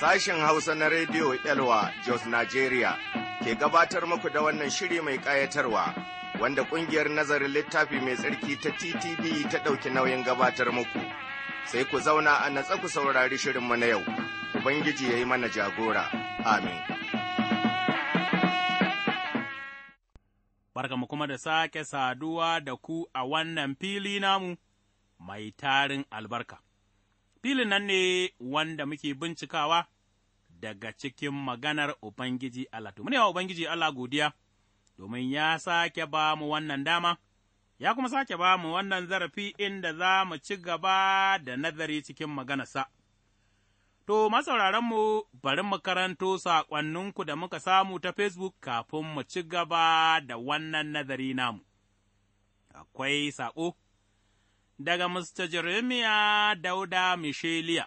Sashen Hausa na Rediyo Elwa Jos Nigeria ke gabatar muku da wannan shiri mai ƙayatarwa wanda ƙungiyar nazarin littafi mai tsarki ta TTV ta ɗauki nauyin gabatar muku. Sai ku zauna a natsa ku saurari shirinmu na yau, Ubangiji ya yi mana jagora. Amin. mu kuma da sake saduwa da ku a wannan fili namu mai tarin albarka. filin nan ne wanda muke bincikawa daga cikin maganar Ubangiji Allah. To, wa Ubangiji Allah godiya, domin ya sake ba mu wannan dama, ya kuma sake ba mu wannan zarafi inda za mu ci gaba da nazari cikin maganarsa. To, masauraranmu bari mu karanto saƙonninku da muka samu ta Facebook kafin mu ci gaba da wannan nazari namu. Akwai saƙo. daga Mr. Jeremiah Dauda Misheliya,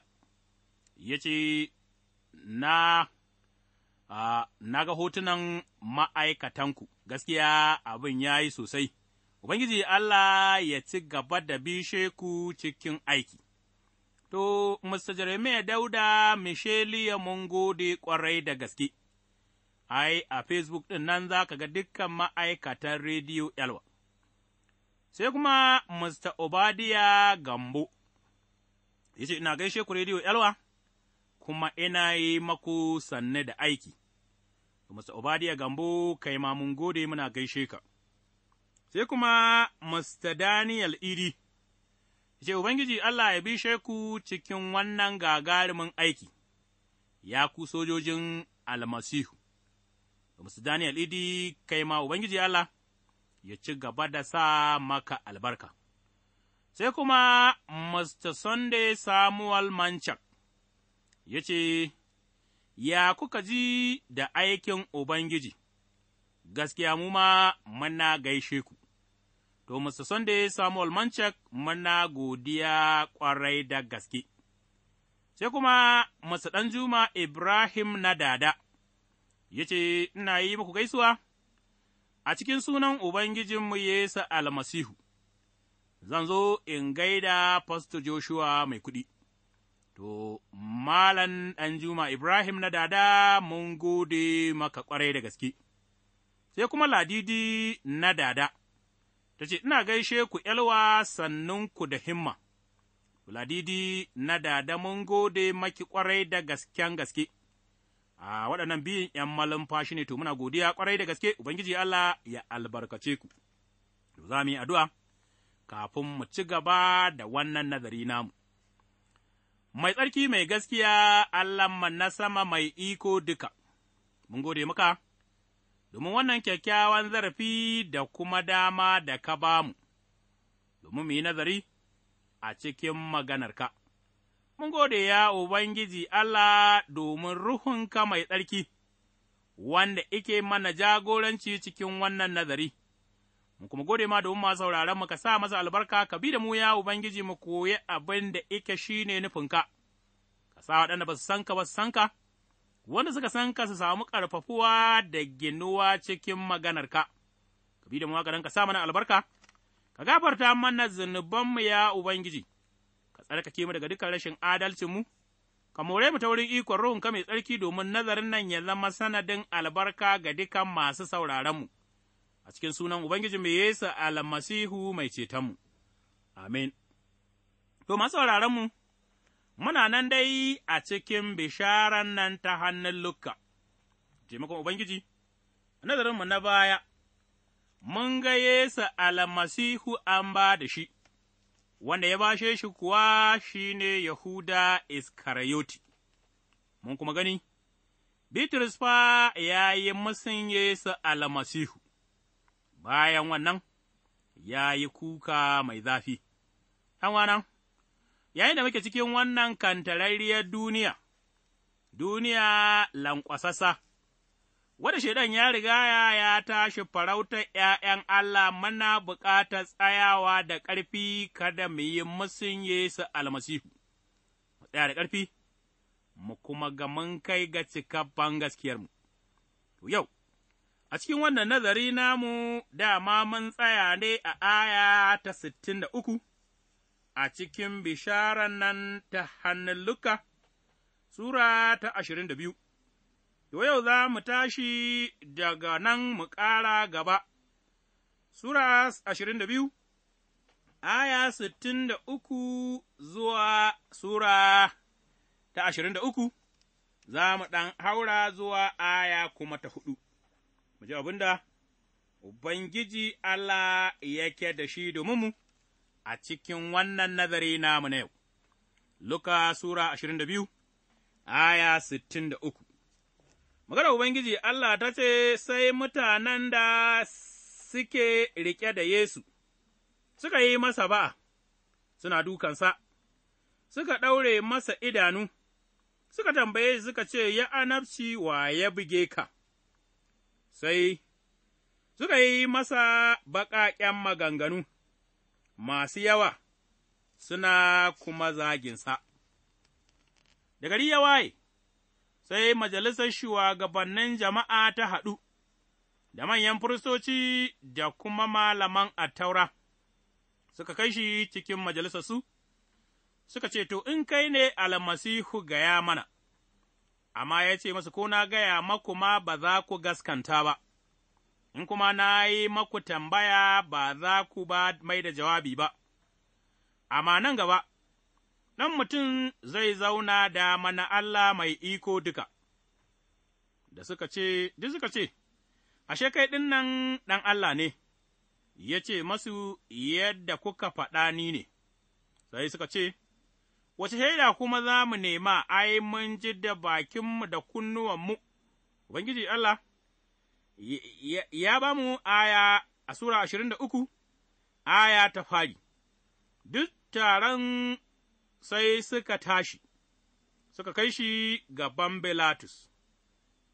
ya ce, Na, uh, na ga hotunan ma'aikatanku, gaskiya abin ya yi sosai, Ubangiji Allah ya ci gaba da bishe ku cikin aiki. To, Mr. Jeremiah Dauda Misheliya mun gode ƙwarai da gaske, ai, a Facebook ɗin nan za ka ga dukkan ma'aikatan Rediyo Elwa. sai kuma Mr. Obadiya Gambo, ya ce, Ina gaishe ku rediyo yalwa, kuma ina yi maku sanne da aiki, Mr. Obadiya Gambo, kai ma mun gode muna gaishe ka. Sai kuma Mr. Daniel Idi, ya ce, Ubangiji Allah ya bishe ku cikin wannan gagarumin aiki, ya ku sojojin almasihu. Mr. Daniel Idi, kai ma Ubangiji Allah. ya ci gaba da sa maka albarka. Sai kuma Mr. Sunday Samuel Manchak ya ce, Ya kuka ji da aikin Ubangiji, gaskiya mu ma muna gaishe ku, to Mr. Sunday Samuel Manchak muna godiya ƙwarai da gaske. Sai kuma Mr. Ɗanjuma Ibrahim na dada, ya ce, Ina yi muku gaisuwa? a cikin sunan Ubangijinmu Yesu almasihu, zan zo in gaida Pastor Joshua mai kuɗi. To, Malam Ɗanjuma Ibrahim na dada mun gode maka ƙwarai da gaske, sai kuma ladidi na dada, ta ce, Ina gaishe ku ’yalwa sannunku da himma, ladidi na dada mun gode maki ƙwarai da gasken gaske. a waɗannan biyun ’yan fashi ne, to muna godiya ƙwarai da gaske, Ubangiji Allah ya albarkace ku. To za mu yi addu'a kafin mu ci gaba da wannan nazari namu. Mai tsarki mai gaskiya Allahnmu na sama mai iko duka, mun gode maka, domin wannan kyakkyawan zarafi da kuma dama da ka ba mu, domin mu yi nazari a cikin maganarka. mun gode ya Ubangiji Allah domin ruhunka mai tsarki, wanda ike mana jagoranci cikin wannan nazari. Mu kuma gode ma domin masu sauraron mu ka sa masa albarka, ka bi da mu ya Ubangiji mu koyi abin da ike shi ne nufinka, ka sa waɗanda ba su san ka ba su san ka, wanda suka san ka su samu ƙarfafuwa da ginuwa cikin maganarka. Ka bi da mu ka sa mana albarka, ka gafarta mana zunubanmu ya Ubangiji. tsarkake mu daga dukkan rashin adalcinmu, ka more mu ta wurin ikon ruhun mai tsarki domin nazarin nan ya zama sanadin albarka ga dukan masu mu a cikin sunan Ubangiji mai Yesu almasihu mai cetonmu. Amin. To, masu mu muna nan dai a cikin bisharan nan ta hannun Lukka, taimakon Ubangiji, mu na baya, mun ga Yesu almasihu an ba da shi. wanda ya bashe shi kuwa shi ne Yahuda Iskariyoti. Mun kuma gani, Bitrus fa ya yi musun Yesu almasihu, bayan wannan ya yi kuka mai zafi. ’Yan yayin da muke cikin wannan kantararriyar duniya, duniya lankwasassa. wanda shaidan ya riga ya tashi farautar ’ya'yan Allah mana bukatar tsayawa da ƙarfi kada mu yi musun Yesu almasihu, tsaya da ƙarfi, mu kuma ga mun kai ga gaskiyar gaskiyarmu. To yau, a cikin wannan nazari namu dama mun tsaya ne a aya ta sittin da uku, a cikin bishara nan ta hannun Luka, Sura ta ashirin da biyu. To yau za mu tashi daga nan mu ƙara gaba, Sura ashirin da biyu, aya sittin da uku zuwa Sura ta ashirin da uku, za mu ɗan haura zuwa aya kuma ta huɗu, mu ji abin Ubangiji Allah yake da shi domin mu a cikin wannan nazari namu na yau. Luka Sura ashirin da biyu, aya sittin da uku. Maganar Ubangiji Allah ta ce, Sai mutanen da suke riƙe da Yesu, suka yi masa ba, suna dukansa, suka ɗaure masa idanu, suka tambaye suka ce, Ya anabci wa ya buge ka, sai suka yi masa baƙaƙen maganganu masu yawa, suna kuma zaginsa. Da gari ya waye. sai majalisar shugabannin jama'a ta haɗu, da manyan firistoci da kuma malaman attaura, suka kai shi cikin majalisarsu, suka ce, To, in kai ne almasihu gaya mana, amma ya ce masu, Ko na gaya maku ma ba za ku gaskanta ba, in kuma na yi maku tambaya ba za ku ba mai da jawabi ba, amma nan gaba. Ɗan mutum zai zauna da mana Allah mai iko duka, da suka ce, duk suka ce, Ashe kai ɗin nan ɗan Allah ne, ya ce masu yadda kuka faɗa ni ne, sai suka ce, Wace shaida kuma za mu nema, ai, mun ji da bakinmu da kunnuwanmu, Ubangiji Allah, ya ba mu aya a Sura ashirin da uku, aya ta fari, duk taron sai suka tashi, suka kai shi gaban belatus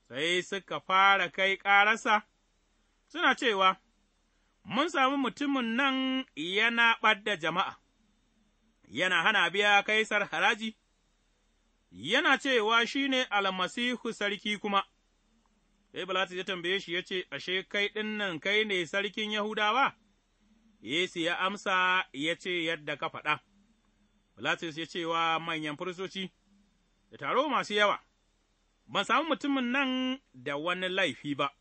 sai suka fara kai ƙararsa, suna cewa, Mun sami mutumin nan yana ɓadda jama'a, yana hana biya kaisar haraji, yana cewa shi ne almasihu sarki kuma, sai Bilatus ya tambaye shi ya ce, Ashe, kai ɗin nan kai ne sarkin Yahudawa? Yesu ya amsa ya ce yadda ka faɗa. Bilatus ya ce wa manyan firistoci, da taro masu yawa, ban samu mutumin nan da wani laifi ba,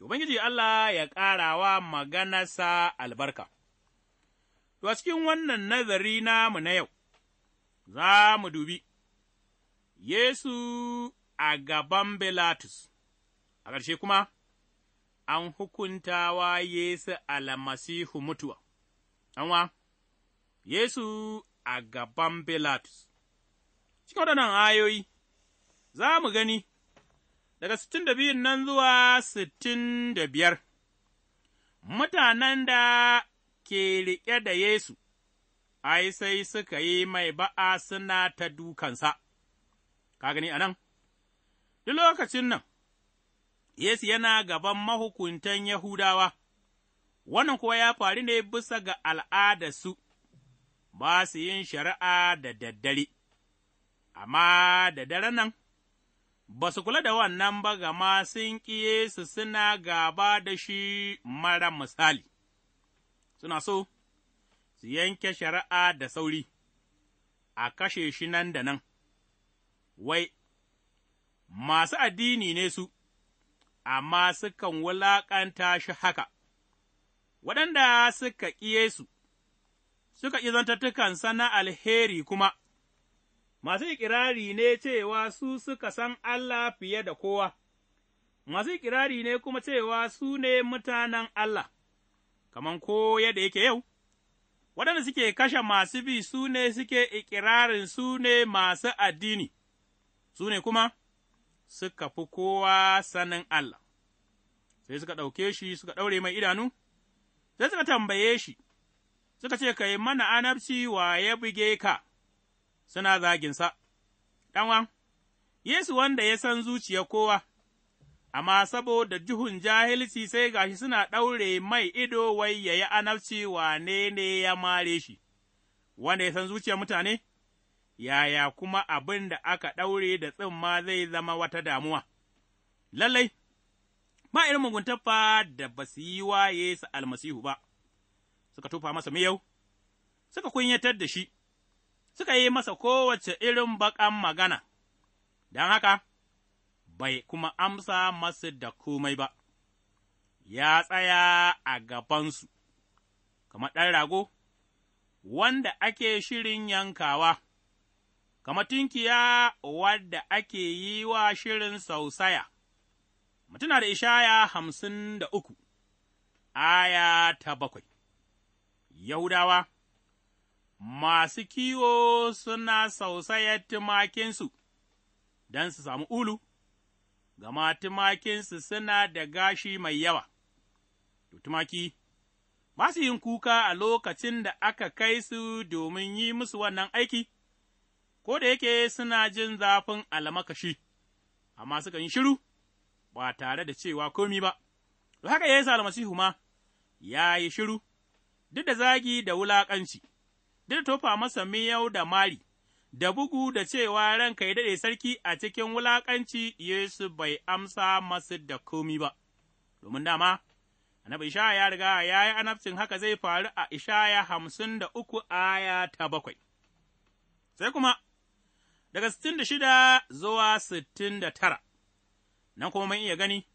Ubangiji Allah ya ƙara ƙarawa maganarsa albarka. To, a cikin wannan nazari namu na yau, za mu dubi Yesu a gaban Bilatus, a ƙarshe kuma, an hukuntawa Yesu almasihu mutuwa, anwa, Yesu a gaban Bilatus. Cikin waɗannan ayoyi, za mu gani daga sittin da biyun nan zuwa sittin da biyar, mutanen da ke riƙe da Yesu, ai, sai suka yi mai ba'a suna ta dukansa, ka gani a nan, duk lokacin nan, Yesu yana gaban mahukuntan Yahudawa, wannan kuwa ya faru ne bisa ga al'adarsu, ba su yin shari'a da daddare, amma da dare nan, ba su kula da wannan ba gama sun ƙiye su suna gaba da shi mara misali, suna so su yanke shari'a da sauri, a kashe shi nan da nan, wai, masu addini ne su, amma sukan wulaƙanta shi haka, waɗanda suka ƙiye su. suka ƙi zantattukansa na alheri kuma, masu ikirari ne cewa su suka san Allah fiye da kowa, masu ikirari ne kuma cewa su ne mutanen Allah, kaman ko yadda yake yau, waɗanda suke kashe masu bi su ne suke ikirarin su ne masu addini, su ne kuma suka fi kowa sanin Allah, sai suka ɗauke shi suka ɗaure mai idanu, sai suka tambaye shi. suka ce, Ka yi mana anabci wa ya buge ka, suna zaginsa, ɗanwan, Yesu wanda ya san zuciya kowa, amma saboda juhun jahilci sai gashi suna ɗaure mai ido wai ya yi anabci wane ne ya mare shi, wanda ya san zuciyar mutane, yaya kuma abin da aka ɗaure da tsimma zai zama wata damuwa. Lallai, ba irin muguntar fa da ba su yi wa Yesu almasihu ba. suka tufa masa miyau, suka kunyatar da shi, suka yi masa kowace irin baƙan magana, don haka bai kuma amsa masu da komai ba, ya tsaya a gabansu, kamar ɗan rago, wanda ake shirin yankawa, kamar tunkiya wadda ake yi wa shirin sausaya. Mutuna da ishaya hamsin da uku, aya ta bakwai. Yahudawa, masu kiwo suna sausaya tumakinsu don su samu ulu, gama tumakinsu suna da gashi mai yawa, to tumaki ba su yin kuka a lokacin da aka kai su domin yi musu wannan aiki, ko da yake suna jin zafin almakashi, amma suka yi shiru ba tare da cewa komi ba, haka ya yi almasihu ma, ya yi shiru. duk da zagi da wulaƙanci, duk da tofa masa miyau da mari, da bugu da cewa ranka ya daɗe sarki a cikin wulaƙanci Yesu bai amsa masu da komi ba, domin dama, annabi Ishaya ya riga ya yi anabcin haka zai faru a Ishaya hamsin da uku aya ta bakwai. Sai kuma, daga sittin da shida zuwa sittin da tara, nan kuma mun iya gani,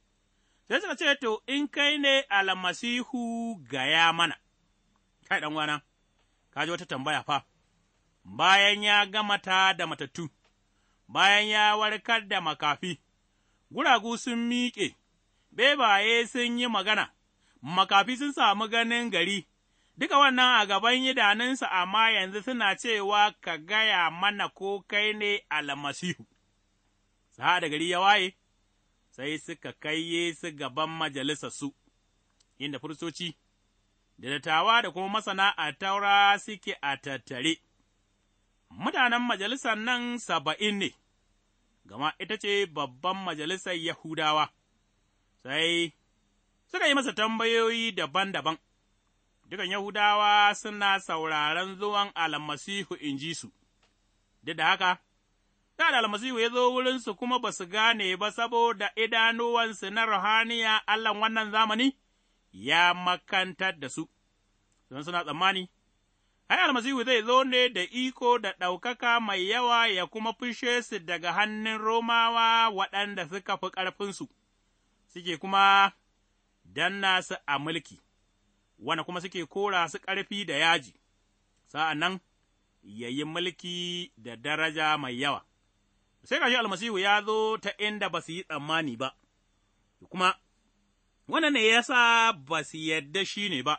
sai suka ce, To, in kai ne almasihu gaya mana. kai ɗan wana, ka ji wata tambaya fa, bayan ya gama ta da matattu, bayan ya warkar da makafi, guragu sun miƙe, bebaye sun yi magana, makafi sun samu ganin gari, duka wannan a gaban idanunsa amma yanzu suna cewa ka gaya mana ko kai ne almasihu. Sa'a da gari ya waye, sai suka kai Yesu gaban majalisarsu, inda firistoci da dattawa da kuma masana a taura suke a tattare, mutanen majalisar nan saba'in ne, gama ita ce babban majalisar Yahudawa, sai suka yi masa tambayoyi daban-daban, dukan Yahudawa suna sauraron zuwan almasihu in ji su, duk da haka, da almasihu ya zo wurinsu kuma ba su gane ba saboda idanuwansu na ruhaniya Allahn wannan zamani? ya makantar da su, don suna tsammani, ai, almasihu zai zo ne da iko da ɗaukaka mai yawa ya kuma fushe su daga hannun Romawa waɗanda suka fi ƙarfinsu, suke kuma danna su a mulki, wanda kuma suke kora su ƙarfi da yaji, sa'an nan ya yi mulki da daraja mai yawa. Sai shi almasihu ya zo ta inda ba su yi tsammani ba, kuma wannan ne ya sa ba su yadda shi ne ba,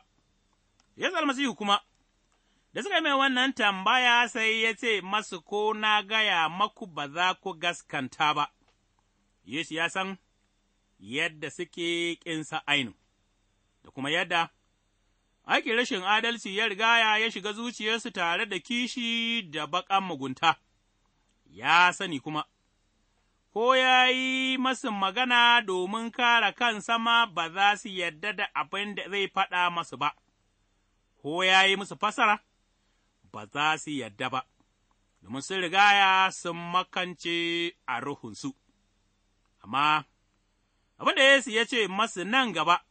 Yesu almasihu kuma, da suka mai wannan tambaya sai ya ce masu ko na gaya maku ba za ku gaskanta ba, Yesu ya san yadda suke ƙinsa ainu, da kuma yadda aikin rashin adalci ya rigaya ya shiga zuciyarsu tare da kishi da baƙan mugunta, ya sani kuma. ko ya yi masu magana domin kare kan sama ba za su yarda da abin da zai faɗa masu ba, ko ya yi musu fasara, ba za su yarda ba, domin sun rigaya sun makance a ruhunsu. Amma, abin da Yesu ya ce masu nan gaba,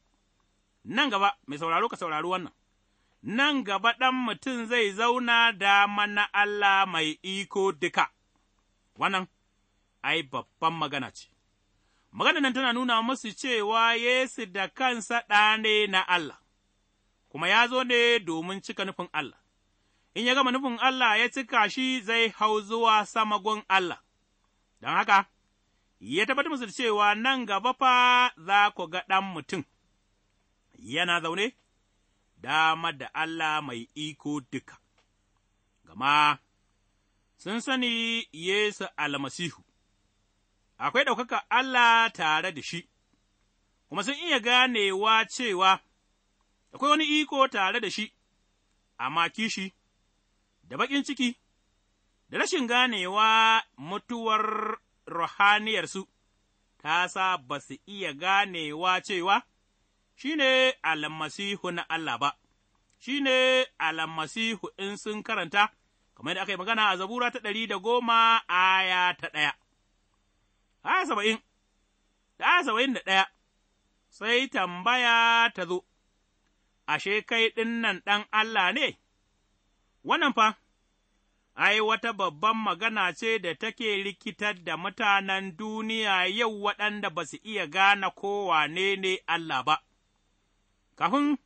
nan gaba, mai sauraro ka saurari wannan. nan gaba ɗan mutum zai zauna da mana Allah mai iko duka, wannan ai, babban magana ce. Magana nan tana nuna musu cewa Yesu da kansa ɗa ne na Allah, kuma ya zo ne domin cika nufin Allah, in ya gama nufin Allah ya cika shi zai hau zuwa samagon Allah, don haka, ya tabbatar musu cewa nan gaba fa za ku ga ɗan mutum, yana zaune, dama da Allah mai iko duka, gama sun sani Yesu almasihu. akwai ɗaukaka Allah tare da shi, kuma sun iya ganewa cewa akwai wani iko tare da shi, amma kishi, da baƙin ciki, da rashin ganewa mutuwar ruhaniyarsu, ta sa ba su iya ganewa cewa shi ne almasihu na Allah ba, shi ne almasihu in sun karanta, kamar da aka yi magana a zabura ta ɗari da goma aya ta ɗaya. aya saba'in, da saba'in da ɗaya, sai tambaya ta zo, ashe kai ɗin nan ɗan Allah ne, wannan fa, ai, wata babban magana ce da take rikitar da mutanen duniya yau waɗanda ba su iya gane kowa ne Allah ba. Kafin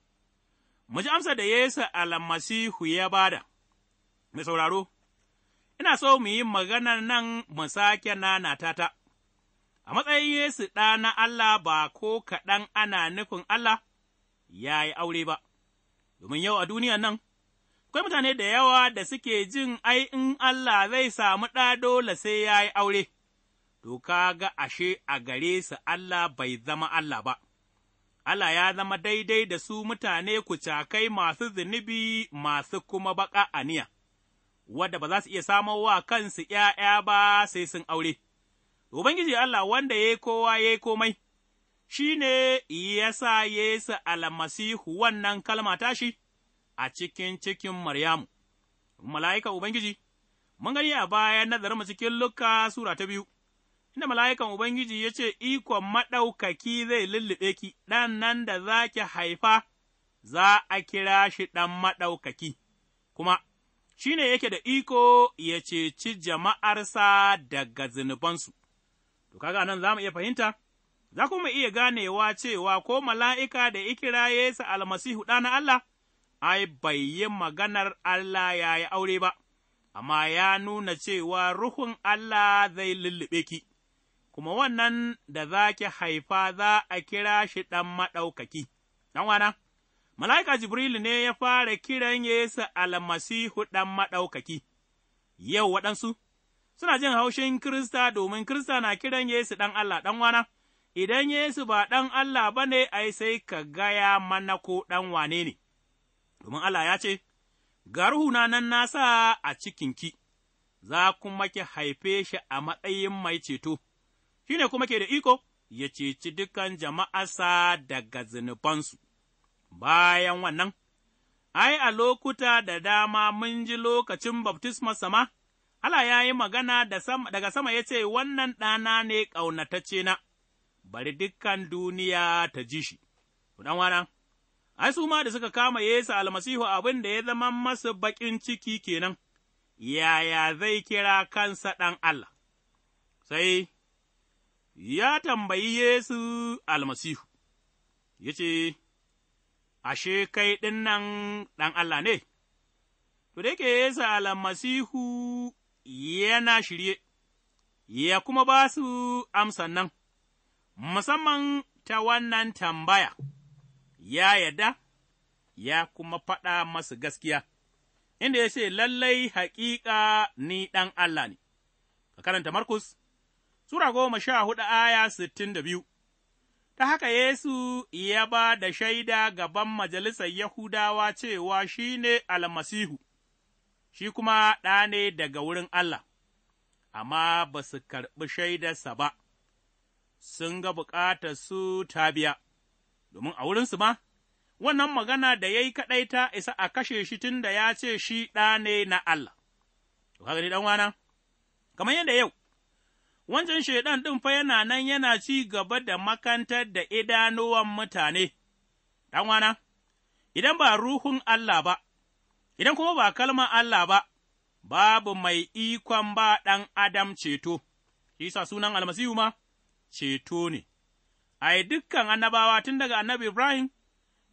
mu ji amsa da Yesu almasihu ya bada, mai sauraro, ina so mu yi maganar nan mu sake nanata a matsayin Yesu ɗa na Allah ba ko kaɗan ana nufin Allah ya yi aure ba, domin yau a duniya nan, akwai mutane da yawa da suke jin ai in Allah zai samu ɗa dole sai ya yi aure, to ka ga ashe a gare su Allah bai zama Allah ba. Allah ya zama daidai da su mutane kucakai masu zunubi masu kuma baƙa aniya, wadda ba za su iya samowa wa kansu ’ya'ya ba sai sun aure. Ubangiji Allah wanda ya yi kowa ya yi komai, shi ne ya sa Yesu almasihu wannan kalma tashi a cikin cikin Maryamu, mala'ika Ubangiji, mun gani a baya nazarinmu cikin Luka Sura ta biyu, inda mala'ikan Ubangiji ya ce, Ikon maɗaukaki zai lullube ki, ɗan nan da za ki haifa, za a kira shi ɗan maɗaukaki, kuma shi ne yake da iko ya ceci jama'arsa daga zunubansu. to kaga nan za mu iya fahimta, za kuma iya ganewa cewa ko mala'ika da ikira Yesu almasihu ɗana Allah, ai, bai yi maganar Allah ya yi aure ba, amma ya nuna cewa Ruhun Allah zai lullube ki, kuma wannan da za ki haifa za a kira shi ɗan maɗaukaki, ɗan wana. Mala'ika Jibrilu ne ya fara kiran Yesu almasihu ɗan maɗaukaki, yau waɗansu suna jin haushin Kirista domin Kirista na kiran Yesu ɗan Allah ɗan wana, idan Yesu ba ɗan Allah ba ne, ai sai ka gaya mana ko ɗan wane ne, domin Allah ya ce, Ga ruhuna nan nasa a cikinki, za kuma ki haife shi a matsayin mai ceto, shi ne kuma ke da iko ya ceci dukan jama'arsa daga zunubansu. Bayan wannan, ai, a lokuta da dama mun ji lokacin baftismar sama. Allah ya yi magana daga sama ya ce, Wannan ɗana ne ƙaunatacce na, bari dukkan duniya ta ji shi, ɗan wana, ai, su ma da suka kama Yesu almasihu abin da ya zama masu baƙin ciki kenan, yaya zai kira kansa ɗan Allah, sai ya tambayi Yesu almasihu, ya ce, Ashe, kai ɗin nan ɗan Allah ne, to da yake Yesu almasihu yana shirye, ya kuma ba su amsan nan, musamman ta wannan tambaya, ya yarda, ya kuma faɗa masu gaskiya, inda ya ce, Lallai haƙiƙa ni ɗan Allah ne, ka karanta Markus, Sura goma sha hudu aya sittin da biyu. Ta haka Yesu ya ba da shaida gaban majalisar Yahudawa cewa shi ne almasihu, shi kuma ɗa ne daga wurin Allah, amma ba su karɓi shaidarsa ba, sun ga bukatar su ta biya, domin a wurinsu ma, wannan magana da ya yi kaɗai ta isa a kashe shi tun da ya ce shi ɗa ne na Allah. To, ɗan wana, kamar yadda yau, wancan shaiɗan ɗin fa yana nan yana ci gaba da makantar da idanuwan mutane, ɗan wana, idan ba ruhun Allah ba, idan kuma ba kalmar Allah ba, babu mai ikon ba ɗan Adam ceto, isa sunan almasihu ma ceto ne, ai, dukkan annabawa tun daga annabi Ibrahim,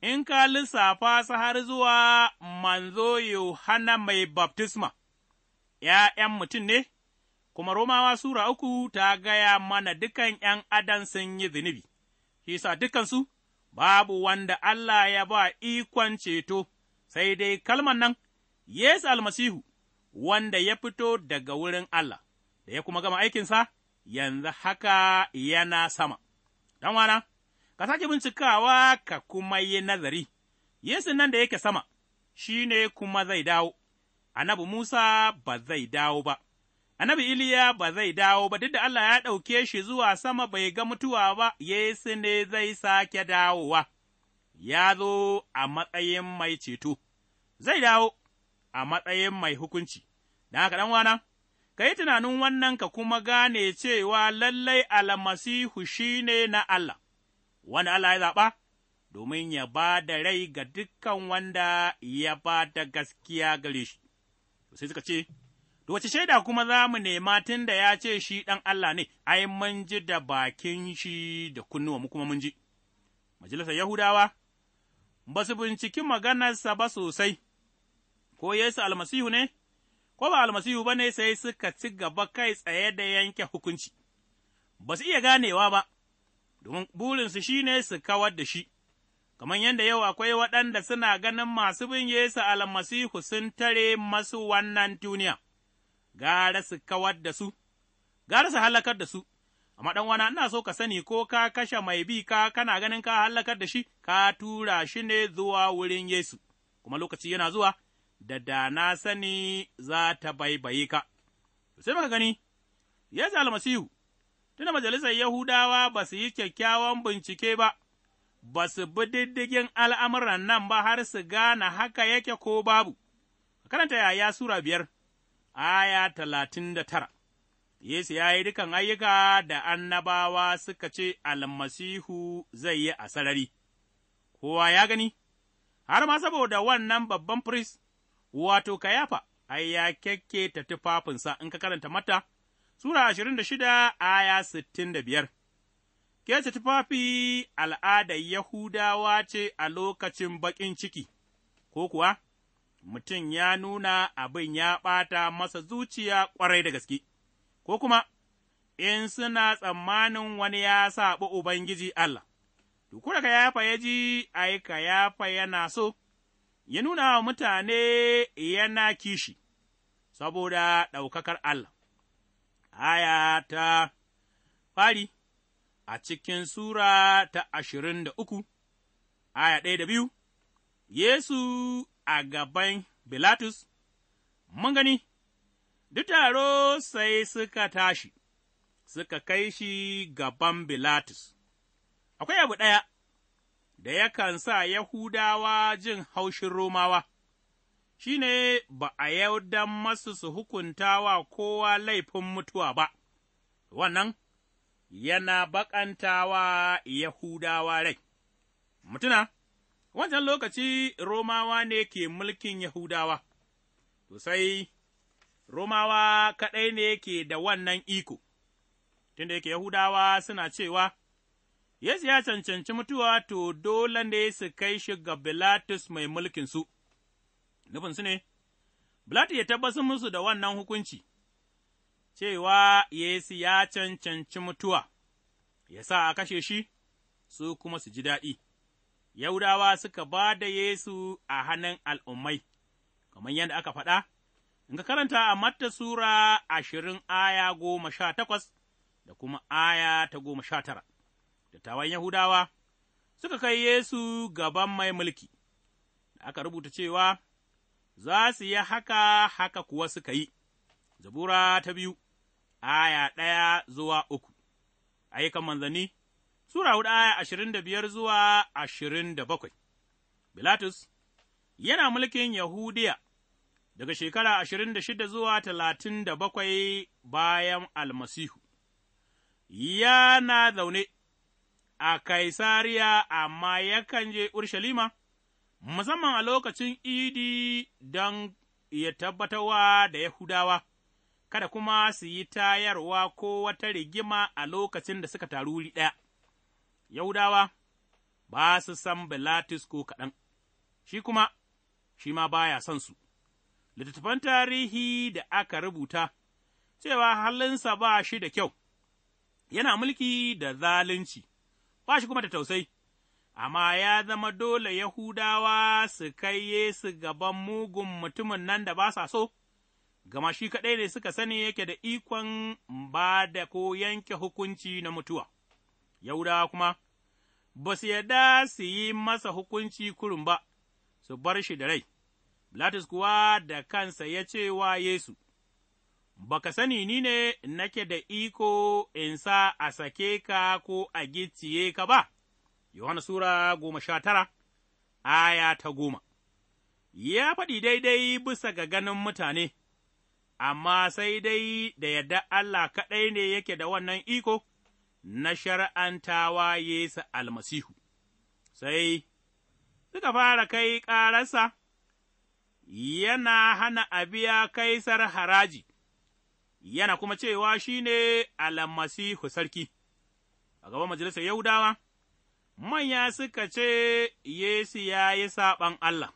in ka lissafa su har zuwa manzo Yohana mai baftisma, ’ya'yan mutum ne, kuma Romawa Sura uku ta gaya mana dukan ’yan adam sun yi zunubi, isa dukansu babu wanda Allah ya ba ikon ceto. sai dai kalman nan, Yesu almasihu, wanda ya fito daga wurin Allah, da ya kuma gama aikinsa, yanzu haka yana sama. Don wana, ka sake bincikawa ka kuma yi nazari, Yesu nan da yake sama, shi ne kuma zai dawo, annabi Musa ba zai dawo ba. Annabi Iliya ba zai dawo ba, duk da Allah ya ɗauke shi zuwa sama bai ga mutuwa ba, Yesu ne zai sake dawowa. ya zo a matsayin mai ceto, zai dawo a matsayin mai hukunci, don haka wana? ka yi tunanin wannan ka kuma gane cewa lallai almasihu shi ne na Allah, wanda Allah ya zaɓa, domin ya ba da rai ga dukkan wanda ya ba da gaskiya gare shi. Sai suka ce, To, wace shaida kuma za mu nema tun da ya ce shi ɗan Allah ne, ai, mun ji da bakin shi da kunnuwa mu kuma mun ji. Majalisar Yahudawa ba su binciki maganarsa ba sosai, ko Yesu almasihu ne, ko ba almasihu ba ne sai suka ci gaba kai tsaye da yanke hukunci, ba su iya ganewa ba, domin burinsu shi ne su kawar da shi, kamar yadda yau akwai waɗanda suna ganin masu bin Yesu almasihu sun tare masu wannan duniya, gara su kawar da su, gara su halakar da su. amma ɗan wana ina so ka sani ko ka kashe mai bi ka kana ganin ka hallakar da shi, ka tura shi ne zuwa wurin Yesu, kuma lokaci yana zuwa da da na sani za ta baibaye ka. Sai muka gani, Yesu almasihu, tunda majalisar Yahudawa ba su yi kyakkyawan bincike ba, ba su bi diddigin al'amuran nan ba har su gane haka yake ko babu, karanta yaya Sura biyar, aya talatin da tara. Yesu ya yi dukan ayyuka da annabawa suka ce almasihu zai yi a sarari, kowa ya gani, har ma saboda wannan babban firist, wato kayafa, ai ya ta tufafinsa in ka karanta mata, Sura ashirin da shida aya sittin da biyar. Kece tufafi al'adar Yahudawa ce a lokacin baƙin ciki, ko kuwa, mutum ya nuna abin ya ɓata masa zuciya ƙwarai da gaske. ko kuma in suna tsammanin wani ya saɓi Ubangiji Allah, dukura ka yafa ya ji, aika yafa yana so, ya nuna wa mutane yana kishi, saboda ɗaukakar Allah. Aya ta fari a cikin Sura ta ashirin da uku, aya ɗaya da biyu, Yesu a gaban Bilatus, mun gani duk taro sai suka tashi, suka kai shi gaban Bilatus. Akwai abu ɗaya da yakan sa Yahudawa jin haushin Romawa, shi ne ba a don masu su hukunta wa kowa laifin mutuwa ba, wannan yana baƙantawa Yahudawa rai. Mutuna, wancan lokaci Romawa ne ke mulkin Yahudawa, to sai Romawa kaɗai ne ke da wannan iko, tunda yake Yahudawa suna cewa, Yesu ya cancanci mutuwa to dole ne su kai shi ga Bilatus mai mulkinsu, nufinsu ne, Bilatus ya tabbasu musu da wannan hukunci, cewa Yesu ya cancanci mutuwa, ya sa a kashe shi, su kuma su ji daɗi. Yahudawa suka ba da Yesu a hannun al'ummai, kamar yadda aka faɗa. in karanta a Matta Sura ashirin aya goma sha takwas da kuma aya ta goma sha tara, dattawan Yahudawa suka kai Yesu gaban mai mulki, da aka rubuta cewa za su yi haka haka kuwa suka yi, zabura ta biyu, aya ɗaya zuwa uku, ayyukan manzanni, Sura hudu aya ashirin da biyar zuwa ashirin da bakwai, Bilatus yana mulkin Yahudiya. daga shekara ashirin da shida zuwa talatin da bakwai bayan almasihu, yana zaune a Kaisariya amma yakan je Urshalima, musamman a lokacin idi don ya tabbatarwa da Yahudawa, kada kuma su yi tayarwa ko wata rigima a lokacin da suka taru wuri ɗaya. Yahudawa ba su san Bilatus ko kaɗan, shi kuma, shi ma baya son su. littattafan tarihi da aka rubuta, cewa halinsa ba shi da kyau, yana mulki da zalunci, ba shi kuma da tausai amma ya zama dole Yahudawa su kai Yesu gaban mugun mutumin nan da ba sa so, gama shi kaɗai ne suka sani yake da ikon ba da ko yanke hukunci na mutuwa, Yahudawa kuma ba su yarda su yi masa hukunci kurum ba, su bar shi da rai. Bilatus kuwa da kansa ya ce wa Yesu, Baka sani ni ne nake da iko in sa a sake ka ko a gicciye ka ba, Yohana Sura goma sha tara, aya ta goma. Ya faɗi daidai bisa ga ganin mutane, amma sai dai da yadda Allah kaɗai ne yake da wannan iko na shar'antawa Yesu almasihu, sai suka fara kai ƙararsa. yana hana a biya Kaisar haraji, yana kuma cewa shi ne almasihu sarki, a gaban majalisar Yahudawa, manya suka ce Yesu ya yi saɓan Allah,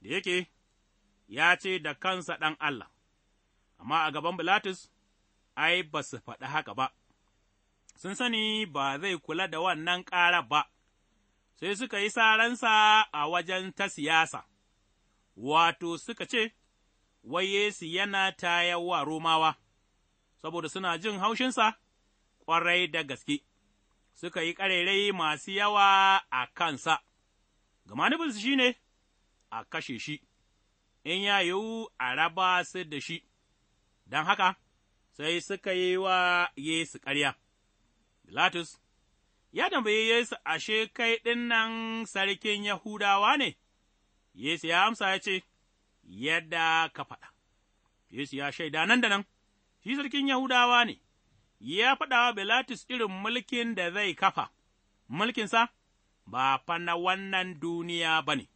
da yake ya ce da kansa ɗan Allah, amma a gaban Bilatus, ai, ba su faɗi haka ba, sun sani ba zai kula da wannan ƙara ba, sai suka yi saransa a wajen ta siyasa. wato suka ce, wai Yesu yana tayawa Romawa, saboda suna jin haushinsa ƙwarai da gaske, suka yi ƙarerai masu yawa a kansa, gama nufinsu shi ne a kashe shi, in ya yiwu a raba su da shi, don haka sai suka yi wa Yesu ƙarya. Bilatus ya tambaye Yesu, ashe kai ɗin nan sarkin Yahudawa ne? Yesu ya amsa ya ce, Yadda ka faɗa, Yesu ya shaida nan da nan, shi sarkin Yahudawa ne, ya faɗa wa Bilatus irin mulkin da zai kafa, mulkinsa ba fa na wannan duniya ba ne,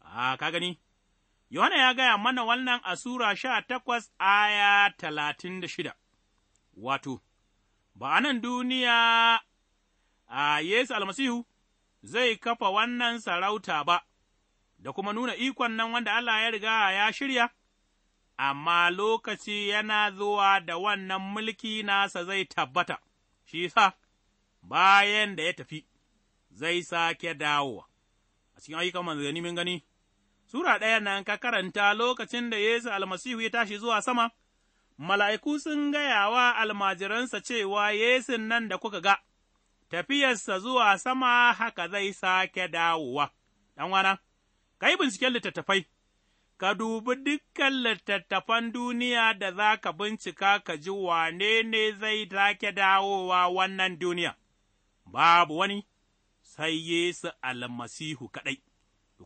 a ka gani, Yohana ya gaya mana wannan a Sura sha takwas aya talatin da shida, wato, ba a nan duniya a Yesu almasihu zai kafa wannan sarauta ba. da kuma nuna ikon nan wanda Allah ya riga ya shirya, amma lokaci yana zuwa da wannan mulki nasa zai tabbata, shi sa bayan da ya tafi zai sake dawowa. A cikin ayyukan manzanni mun gani, Sura ɗaya nan ka karanta lokacin da Yesu almasihu ya tashi zuwa sama, mala'iku sun gaya wa almajiransa cewa Yesun nan da kuka ga, tafiyarsa zuwa sama haka zai sake dawowa, ɗan wana. ka yi binciken littattafai, ka dubi dukkan littattafan duniya da za ka bincika ka ji wane ne zai take dawowa wannan duniya, babu wani sai Yesu almasihu kaɗai,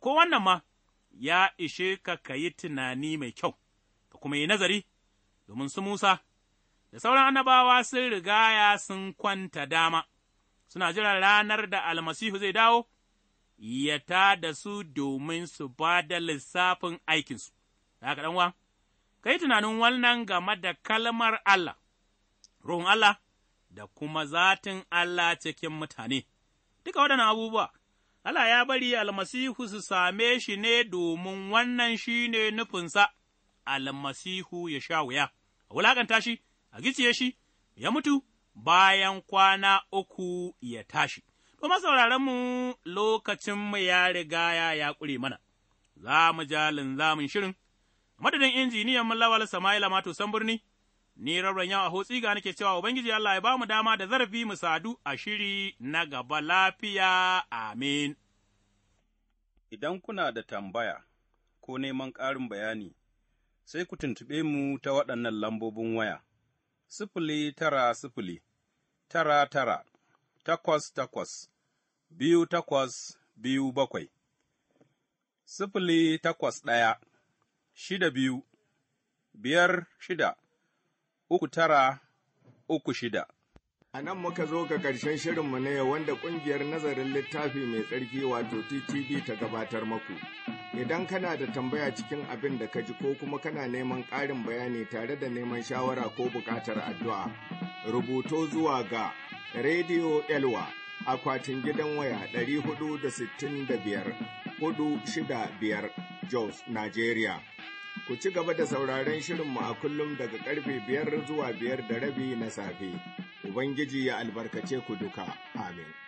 ko wannan ma ya ishe ka ka yi tunani mai kyau, ka kuma yi nazari, domin su Musa. da sauran annabawa sun rigaya sun kwanta dama, suna jiran ranar da almasihu zai dawo, ya tā da su domin su ba da lissafin aikinsu. Haka ɗanwa, ka yi tunanin wannan game da kalmar Allah, Ruhun Allah da kuma zatin Allah cikin mutane, duka waɗannan abubuwa. Allah ya bari almasihu su same shi ne domin wannan shi ne nufinsa, almasihu ya sha wuya, a wulaƙanta shi, a gicciye shi, ya mutu bayan kwana uku ya tashi. kuma mu lokacinmu ya riga ya yaƙure mana, za mu jalin zamun shirin, madadin injiniyan lawal Sama'ila Mato birni ni rabin yawa hotsi ga nake cewa Ubangiji Allah ya ba mu dama da zarafi mu sadu a shiri na gaba lafiya, amin. Idan kuna da tambaya ko neman ƙarin bayani, sai ku tuntuɓe mu ta waɗannan lambobin waya, sifili tara sifili, tara tara, takwas takwas. biyu takwas biyu bakwai, sifili takwas ɗaya, shida biyu, biyar shida, uku tara, uku shida. A nan muka zo ga ƙarshen shirinmu ne wanda ƙungiyar nazarin littafi mai tsarki wato TTV ta gabatar maku. Idan kana da tambaya cikin abin da ka ji ko kuma kana neman ƙarin bayani tare da neman shawara ko buƙatar addu'a, rubuto zuwa ga Radio Elwa akwatin gidan waya 465 465 Jos, Nigeria. Ku ci gaba da sauraron shirinmu a kullum daga karfe biyar zuwa biyar da rabi na safe. Ubangiji ya albarkace ku duka. Amin.